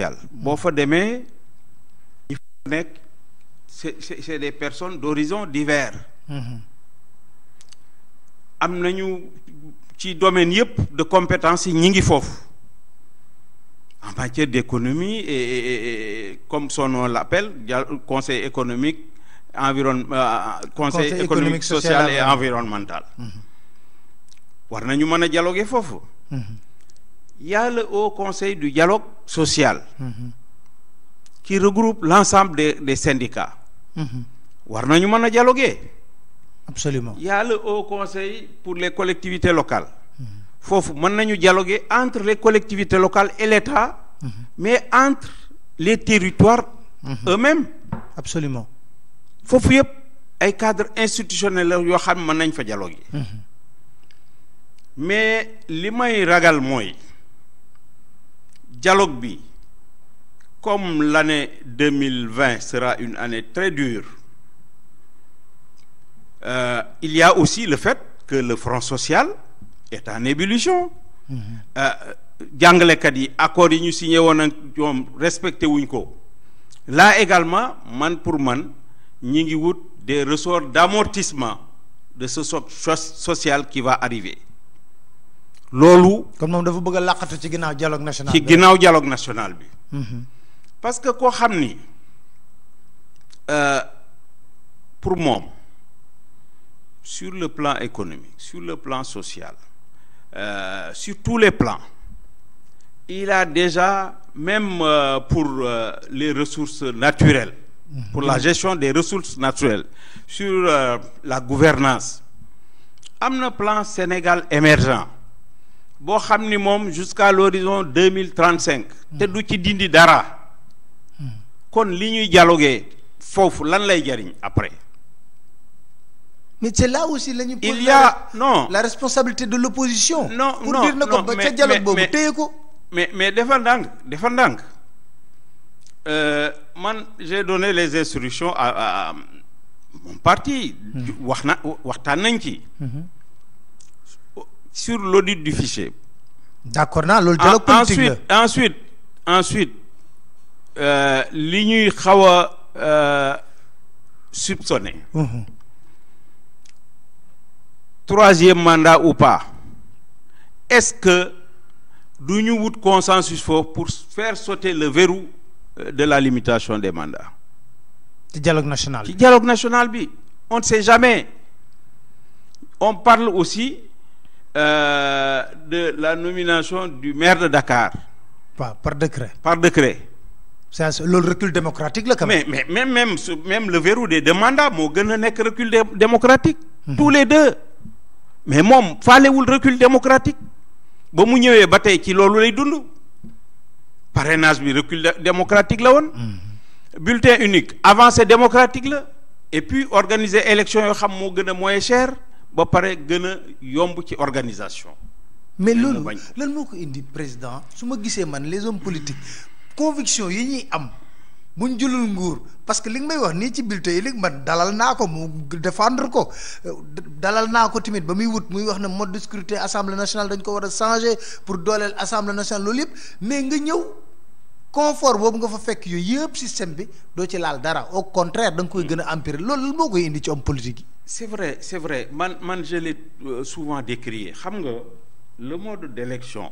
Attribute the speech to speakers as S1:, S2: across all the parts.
S1: yàlla mm. boo fa demee il faut nekk c'est c'est des personnes d'horizons divers mm-hmm. am nañu ci domaine yëpp de compétence yi ñi ngi foofu en matière d'économie et, et comme son nom l'appelle conseil économique environ euh, conseil, conseil économique, économique social et environnemental mm-hmm. war nañu mën a dialoguer foofu mm-hmm. yàlla y conseil du dialogue social mm -hmm. qui regroupe l'ensemble des, des syndicats war nañu mën a dialoguer absolument yàlla y a conseil pour les collectivités locales foofu mën nañu dialoguer entre les collectivités locales et l'État mais entre les territoires eux-mêmes absolument foofu yëpp ay cadre institutionnel la yoo xam mën nañ fa dialoguer mhm. mais li may ragal mooy dialogue bi comme l'année 2020 sera une année très dure euh, il y aussi le fait que le front sociale est en ébullition mm-hmm. euh, jàngalekat yi accords yi ñu signé woon ak ñoom respecté wuñ ko là également man pour man ñi ngi wut des ressorts d'amortissement de ce sociale social qui va arriver
S2: loolu. kon moom dafa bëgg a ci ginnaaw dialogue national ginnaaw
S1: dialogue national bi. Mm-hmm. parce que koo xam ni euh, pour moom sur le plan économique sur le plan social euh, sur tous les plans il a déjà même euh, pour euh, les ressources naturelles. Mm-hmm. pour la gestion des ressources naturelles sur euh, la gouvernance am na plan Sénégal émergent boo xam ni moom jusqu'à l'horizon deux mille trente cinq te du ci dindi dara kon li ñuy dialogué foofu lan lay jariñ après mais c'est là aussi la ñu il non la responsabilité de l'opposition non pour dire na ko ba ca dialogue boobu téye ko mais mais defal ndànk defal ndànk euh, man j'ai donné les instructions à, mon parti wax na waxtaan nañ ci sur l'audit du fichier.
S2: d'accord naa loolu dialogue politique ensuite
S1: ensuite ensuite euh, li ñuy xaw a euh, soupçonné. Mhm. troisième mandat ou pa est-ce que du ñu wut consensus foofu pour faire sauter le verrou euh, de la limitation des mandats. ci dialogue national bi dialogue national bi on ne sait jamais on parle aussi. euh, de la nomination du maire de Dakar. waaw par décret. par décret. ça c'est loolu recul démocratique la. quand même mais mais même su même le verrou des deux moo gën a nekk recul démocratique. Mhm. tous les deux. mais moom faalewul recul démocratique ba mu ñëwee ba tey ci loolu lay dund parrainage bi recul démocratique la woon. Mhm. bulletin unique avancée démocratique la. et puis organiser élection yoo xam moo gën a moyen cher. ba pare gën yomb ci organisation.
S2: mais loolu lan moo ko indi président su ma gisee man les hommes politiques conviction yi ñuy am buñ julul nguur parce que li nga may wax nii ci bulletin yi léegi ma dalal naa ko mu défendre ko dalal naa ko tamit ba muy wut muy wax ne mode de scrutin assemblée nationale dañ ko war a changer pour dooleel assemblée nationale loolu yëpp mais nga ñëw. confort boobu nga fa fekk yooyu yëpp système bi doo ci laal dara au contraire danga koy hmm. gën a empirer la moo koy indi ci homme politique yi.
S1: c'est vrai c'est vrai man man je l'ai euh, souvent décrié xam nga le mode d'élection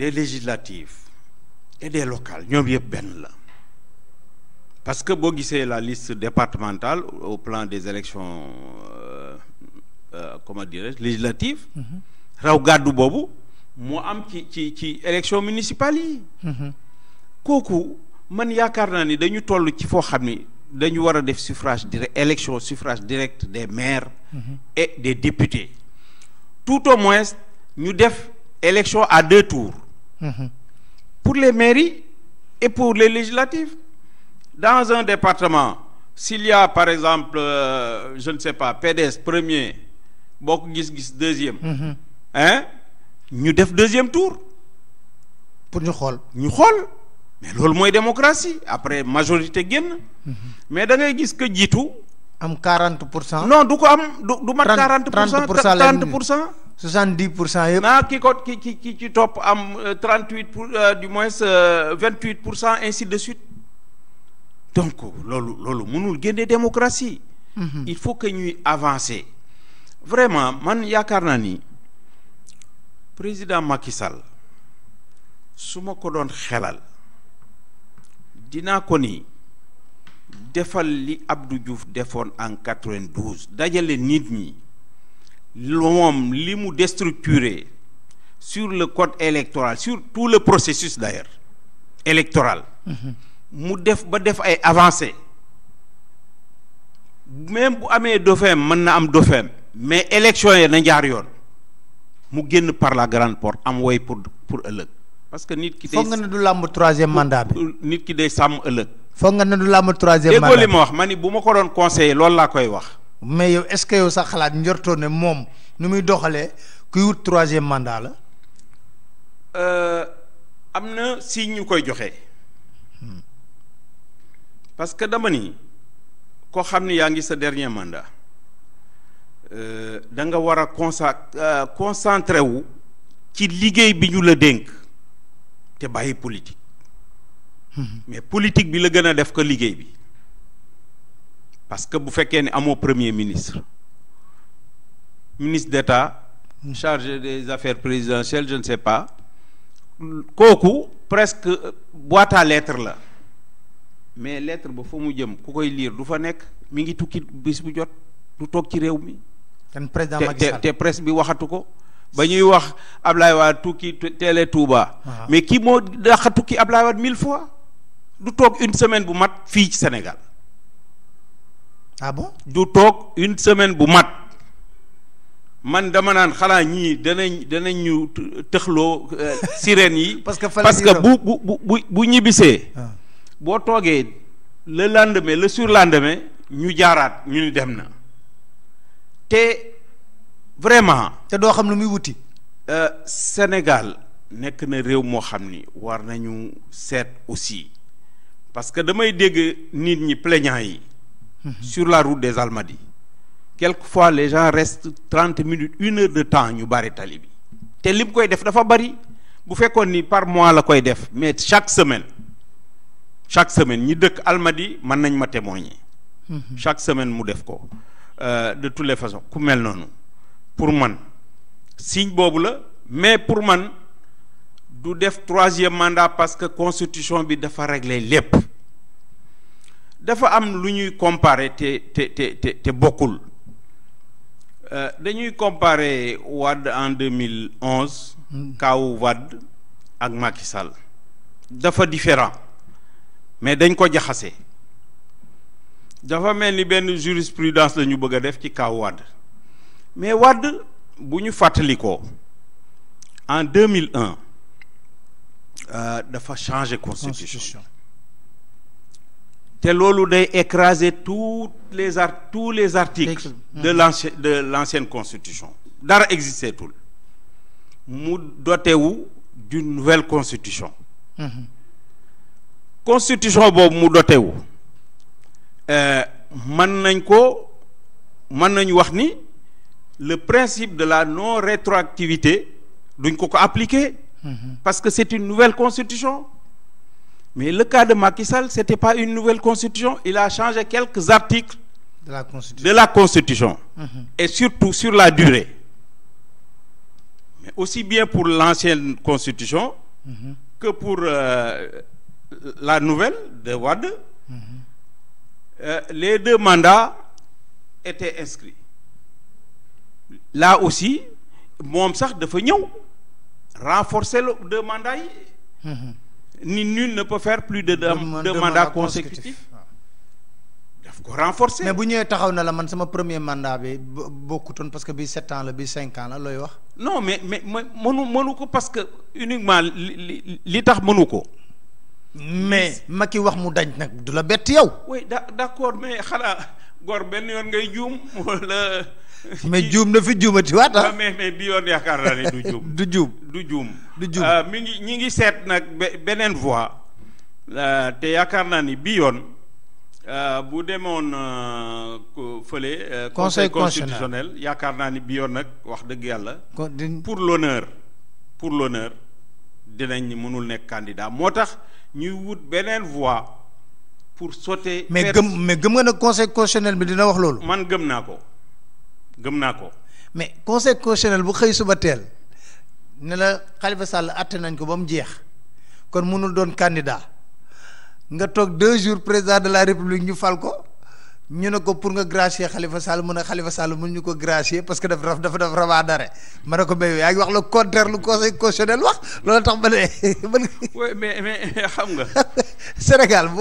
S1: des législatives et des locales ñoom yëpp benn la parce que boo gisee la liste départementale au plan des élections euh, euh, comment dirais-je législatives. Mm-hmm. raw gàddu boobu. moo am ci ci ci élection municipale yi mm-hmm. kooku man yaakaar naa ni dañu toll ci foo xam ni dañu war a def suffrage direct élection suffrage direct des maires mm-hmm. et des députés tout au moins ñu def élection à deux tours mm-hmm. pour les mairies et pour les législatives dans un département s'il y a par exemple euh, je ne sais pas PDS premier Bokk Gis Gis deuxième hein ñu def deuxième tour pour ñu xool ñu xool mais loolu mooy démocratie après majorité génn mais da ngay gis que jiitu am quarante pour cent non du ko am du du mat quarante pour cent trente pour cent soixante dix pour cent yëpp naa ki ko ki ki ki ci topp am euh, trente huit pour euh, du moins euh, vingt huit pour cent ainsi de suite donc loolu loolu mënul génne démocratie mhm. il faut que ñuy avancer vraiment man yaakaar naa ni président Macky Sall su ma ko doon xelal dinaa ko ni defal li Abdou Diouf defoon en 92 dajale nit ñi moom li mu déstructuré sur le code électoral sur tous le processus d'ailleurs électoral mu def ba def ay avancé même bu amee dauphin mën na am dauphin mais élection yi na jaar yoon mu génn par la grande port am woy pour pour ëllëg parce que nit ki day foog du làmb troisième mandat nit ki day sàmm ëllëg foog nga ne du làmb troisième mandat déggoo li ma wax ma ni bu ma ko doon conseillé loolu laa koy wax
S2: mais yow est-ce que yow sax xalaat njortoo ne moom nu muy doxalee kuy wut troisième mandat la
S1: euh, am na si ñu koy joxe hmm. parce que dama ni koo xam ne yaa ngi sa dernier mandat Euh, da nga war a consa euh, concentré wu ci liggéey bi ñu la dénk te bàyyi politique hmm. mais politique bi la gën a def ko liggéey bi parce que bu fekkee ne amoo premier ministre ministre d'État hmm. chargé des affaires présidentielles je ne pas kooku presque euh, boîte à la mais lettre ba fa mu jëm ku koy liir du fa nekk mi ngi tukki bis bu jot du toog ci réew mi kan président Macky Sall te presse bi waxatu ko ba ñuy wax Ablaye Wade tukki teele Touba. mais kii moo daxa tukki Ablaye Wade mille fois du toog une semaine bu mat fii ci Sénégal. ah du toog une semaine bu mat man dama naan xalaa ñii danañ danañ ñu tëxloo euh, sirènes yi. parce que parce que bu bu bu bu ñibbisee. Ah. boo toogee le lendemain le surlendemain ñu jaaraat ñu ni dem na. te vraiment te doo xam lu muy wuti euh, Sénégal nekk na réew moo xam ni war nañu seet aussi parce que damay dégg nit ñi plaignant yi mhm. sur la route des Almadies fois les gens restent trente minutes une heure de temps ñu bari tali bi te lim koy def dafa bari bu fekkoon ni par mois la koy def mais chaque semaine chaque semaine ñi dëkk Almadies mën nañ ma témoigner mhm. chaque semaine mu def ko Euh, de toutes les façons ku mel noonu pour man signe boobu la mais pour man du def troisième mandat parce que constitution bi dafa régler lépp dafa am lu ñuy comparer te te te te te bokkul euh, dañuy comparer Wade en 2011 kaawu Wade ak Macky Sall dafa différent mais dañ ko jaxase dafa mel ni benn jurisprudence la ñu bëgg a def ci kaw wadd mais wadd bu ñu fàttalikoo en 2001 euh, dafa changer constitution te loolu day écraser tous les art les articles mmh. de l'ancien de l'ancienne constitution dara existeetul mu dotewu d'une nouvelle constitution mmh. constitution boobu mu dotewu Euh, mën nañ ko mën nañu wax ni le principe de la non rétroactivité duñ ko ko appliquer mhm. parce que c'est une nouvelle constitution mais le cas de Macky Sall c'était pas une nouvelle constitution il a changé quelques articles
S2: de la constitution,
S1: de la constitution mmh. et surtout sur la durée mais aussi bien pour l'ancienne constitution mmh. que pour euh, la nouvelle de Wade mmh. Euh, les deux mandats étaient inscrits là aussi moom sax dafa ñëw renforcer le deux mandats yi.
S2: Mm-hmm.
S1: ni nul ne peut faire plus de deux mandats daf ko
S2: renforcer. mais bu ñëwee taxaw na la man sama premier mandat bi bokkutoon parce que bii sept ans la bii cinq
S1: ans la looy wax. non mais mais mënu mënu ko parce que uniquement li li tax mënu ko. mais Macky wax mu dañ nag du la bett yow. oui da d'accord mais xalaa góor benn yoon ngay juum wala. mais juum na fi juumati waat ah. ah, mais mais bi yoon yaakaar naa ne du juum. du juum du juum. Ah, mi ngi ñi ngi seet nag beneen voie. te yaakaar naa ni bii yoon. bu demoon fële. conseil constitutionnel yaakaar naa ni bi yoon nag wax dëgg yàlla. pour l'honneur pour l'honneur dinañ mënul nekk candidat moo tax ñuy wut beneen voie pour sauter. mais gëm
S2: mais gëm nga ne conseil constitutionnel bi dina wax loolu.
S1: man gëm naa ko gëm naa ko.
S2: mais conseil constitutionnel bu xëy suba teel nela xalifa Khalifa Sall àtte nañ ko ba mu jeex kon mënul doon candidat nga toog deux jours président de la république ñu fal ko. ñu ne ko pour nga gracier Khalifa Sall mu ne Khalifa Sall mun ñu ko gracier parce que daf dafa dafa daf rabaa dare man ne ko mais yaa ngi wax le contraire lu conseil constitutionnel wax loolu tax ma ne man. mais mais xam nga. Sénégal.